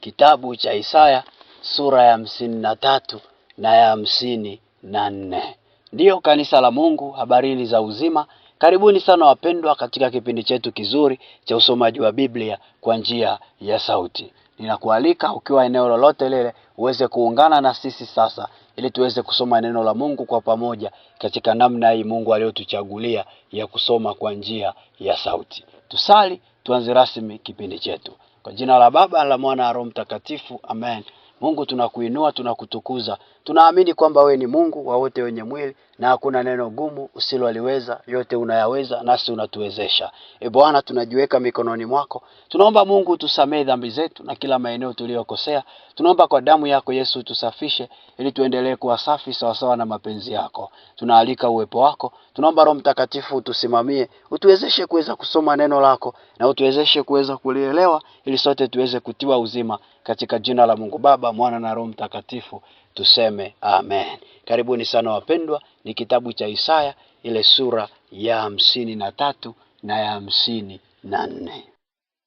kitabu cha Isaya sura ya hamsini na tatu na ya hamsini na nne. Ndiyo kanisa la Mungu, habarini za uzima. Karibuni sana wapendwa, katika kipindi chetu kizuri cha usomaji wa Biblia kwa njia ya sauti. Ninakualika ukiwa eneo lolote lile uweze kuungana na sisi sasa, ili tuweze kusoma neno la Mungu kwa pamoja katika namna hii Mungu aliyotuchagulia ya kusoma kwa njia ya sauti. Tusali, tuanze rasmi kipindi chetu. Kwa jina la Baba la Mwana na Roho Mtakatifu, amen. Mungu tunakuinua, tunakutukuza. Tunaamini kwamba we ni Mungu wa wote wenye mwili na hakuna neno gumu usiloliweza, yote unayaweza, nasi unatuwezesha. E Bwana, tunajiweka mikononi mwako. Tunaomba Mungu tusamee dhambi zetu na kila maeneo tuliyokosea. Tunaomba kwa damu yako Yesu tusafishe, ili tuendelee kuwa safi sawasawa na mapenzi yako. Tunaalika uwepo wako. Tunaomba Roho Mtakatifu utusimamie, utuwezeshe kuweza kusoma neno lako na utuwezeshe kuweza kulielewa, ili sote tuweze kutiwa uzima, katika jina la Mungu Baba, Mwana na Roho Mtakatifu tuseme amen. Karibuni sana wapendwa, ni kitabu cha Isaya ile sura ya hamsini na tatu na ya hamsini na nne.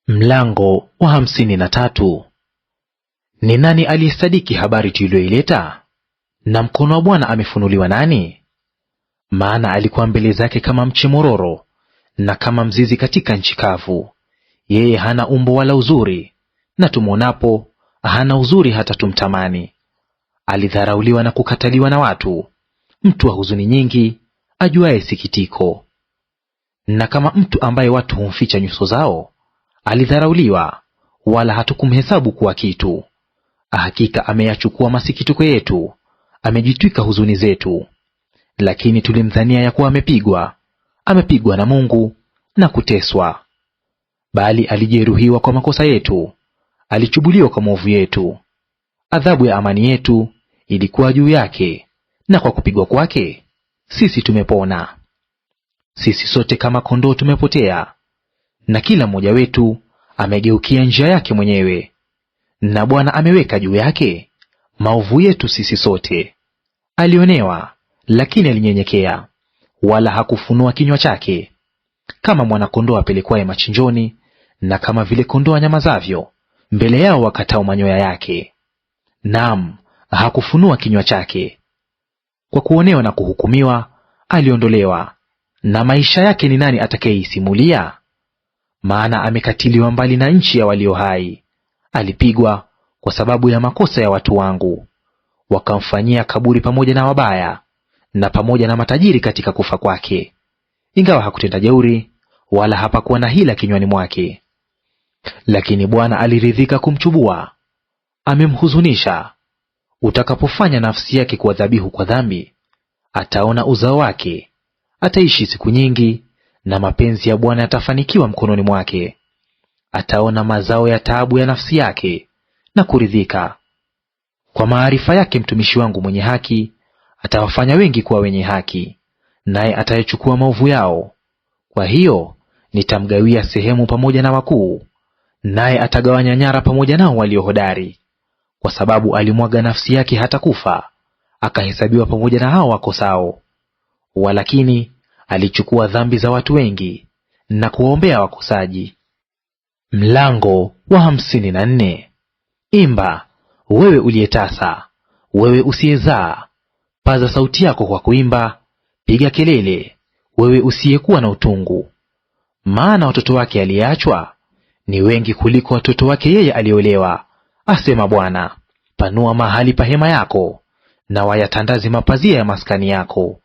Mlango wa hamsini na tatu. Ni nani aliyesadiki habari tuliyoileta? Na mkono wa Bwana amefunuliwa nani? Maana alikuwa mbele zake kama mche mororo na kama mzizi katika nchi kavu. Yeye hana umbo wala uzuri, na tumwonapo hana uzuri hata tumtamani alidharauliwa na kukataliwa na watu, mtu wa huzuni nyingi, ajuaye sikitiko. Na kama mtu ambaye watu humficha nyuso zao, alidharauliwa, wala hatukumhesabu kuwa kitu. Hakika ameyachukua masikitiko yetu, amejitwika huzuni zetu. Lakini tulimdhania ya kuwa amepigwa, amepigwa na Mungu na kuteswa. Bali alijeruhiwa kwa makosa yetu, alichubuliwa kwa maovu yetu adhabu ya amani yetu ilikuwa juu yake, na kwa kupigwa kwake sisi tumepona. Sisi sote kama kondoo tumepotea, na kila mmoja wetu amegeukia njia yake mwenyewe, na Bwana ameweka juu yake maovu yetu sisi sote. Alionewa, lakini alinyenyekea, wala hakufunua kinywa chake. Kama mwana-kondoo apelekwaye machinjoni, na kama vile kondoo anyamazavyo mbele yao wakatao manyoya yake, naam, hakufunua kinywa chake. Kwa kuonewa na kuhukumiwa aliondolewa, na maisha yake ni nani atakayeisimulia? Maana amekatiliwa mbali na nchi ya walio hai, alipigwa kwa sababu ya makosa ya watu wangu. Wakamfanyia kaburi pamoja na wabaya na pamoja na matajiri katika kufa kwake, ingawa hakutenda jeuri, wala hapakuwa na hila kinywani mwake. Lakini Bwana aliridhika kumchubua, amemhuzunisha. Utakapofanya nafsi yake kuwa dhabihu kwa dhambi, ataona uzao wake, ataishi siku nyingi, na mapenzi ya Bwana yatafanikiwa mkononi mwake. Ataona mazao ya taabu ya nafsi yake na kuridhika. Kwa maarifa yake mtumishi wangu mwenye haki atawafanya wengi kuwa wenye haki, naye atayechukua maovu yao. Kwa hiyo nitamgawia sehemu pamoja na wakuu, naye atagawanya nyara pamoja nao walio hodari kwa sababu alimwaga nafsi yake hata kufa, akahesabiwa pamoja na hao wakosao. Walakini alichukua dhambi za watu wengi na kuwaombea wakosaji. Mlango wa hamsini na nne. Imba wewe uliyetasa, wewe usiyezaa, paza sauti yako kwa kuimba, piga kelele, wewe usiyekuwa na utungu. Maana watoto wake aliyeachwa ni wengi kuliko watoto wake yeye aliyeolewa, asema Bwana. Panua mahali pa hema yako, na wayatandaze mapazia ya maskani yako,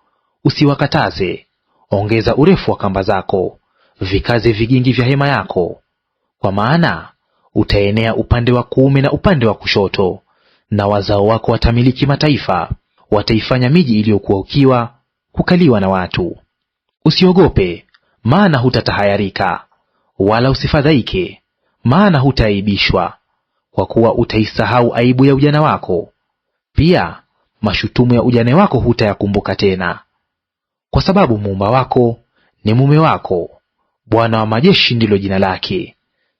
usiwakataze. Ongeza urefu wa kamba zako, vikaze vigingi vya hema yako, kwa maana utaenea upande wa kuume na upande wa kushoto, na wazao wako watamiliki mataifa, wataifanya miji iliyokuwa ukiwa kukaliwa na watu. Usiogope, maana hutatahayarika, wala usifadhaike, maana hutaaibishwa, kwa kuwa utaisahau aibu ya ujana wako, pia mashutumu ya ujane wako hutayakumbuka tena, kwa sababu muumba wako ni mume wako, Bwana wa majeshi ndilo jina lake,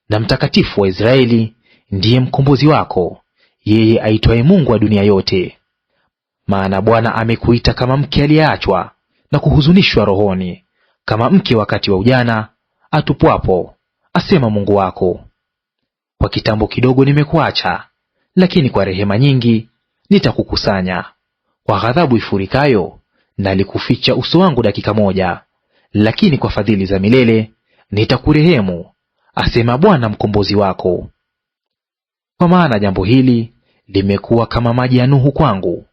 na mtakatifu wa Israeli ndiye mkombozi wako, yeye aitwaye Mungu wa dunia yote. Maana Bwana amekuita kama mke aliyeachwa na kuhuzunishwa rohoni, kama mke wakati wa ujana atupwapo, asema Mungu wako. Kwa kitambo kidogo nimekuacha, lakini kwa rehema nyingi nitakukusanya. Kwa ghadhabu ifurikayo nalikuficha uso wangu dakika moja, lakini kwa fadhili za milele nitakurehemu, asema Bwana mkombozi wako. Kwa maana jambo hili limekuwa kama maji ya Nuhu kwangu,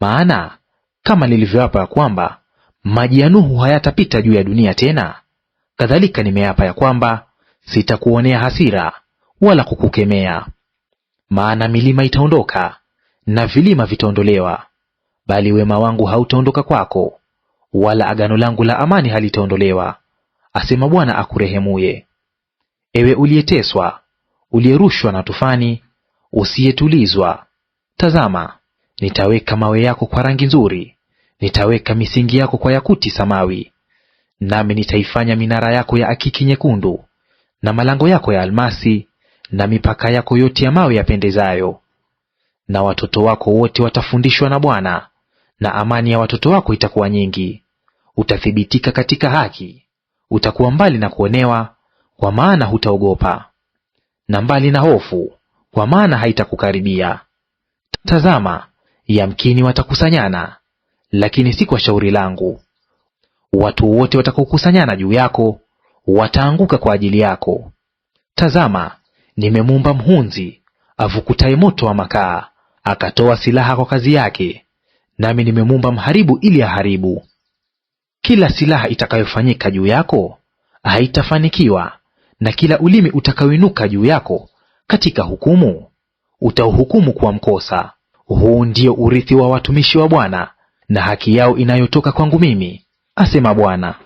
maana kama nilivyoapa ya kwamba maji ya Nuhu hayatapita juu ya dunia tena, kadhalika nimeapa ya kwamba sitakuonea hasira wala kukukemea. Maana milima itaondoka na vilima vitaondolewa, bali wema wangu hautaondoka kwako, wala agano langu la amani halitaondolewa, asema Bwana akurehemuye. Ewe uliyeteswa, uliyerushwa na tufani, usiyetulizwa, tazama, nitaweka mawe yako kwa rangi nzuri, nitaweka misingi yako kwa yakuti samawi, nami nitaifanya minara yako ya akiki nyekundu, na malango yako ya almasi na mipaka yako yote ya mawe yapendezayo. Na watoto wako wote watafundishwa na Bwana, na amani ya watoto wako itakuwa nyingi. Utathibitika katika haki, utakuwa mbali na kuonewa, kwa maana hutaogopa; na mbali na hofu, kwa maana haitakukaribia. Tazama, yamkini watakusanyana, lakini si kwa shauri langu. Watu wote watakaokusanyana juu yako wataanguka kwa ajili yako. Tazama, nimemumba mhunzi avukutaye moto wa makaa, akatoa silaha kwa kazi yake, nami nimemuumba mharibu ili aharibu. Kila silaha itakayofanyika juu yako haitafanikiwa, na kila ulimi utakaoinuka juu yako katika hukumu utauhukumu kwa mkosa. Huu ndio urithi wa watumishi wa Bwana, na haki yao inayotoka kwangu mimi, asema Bwana.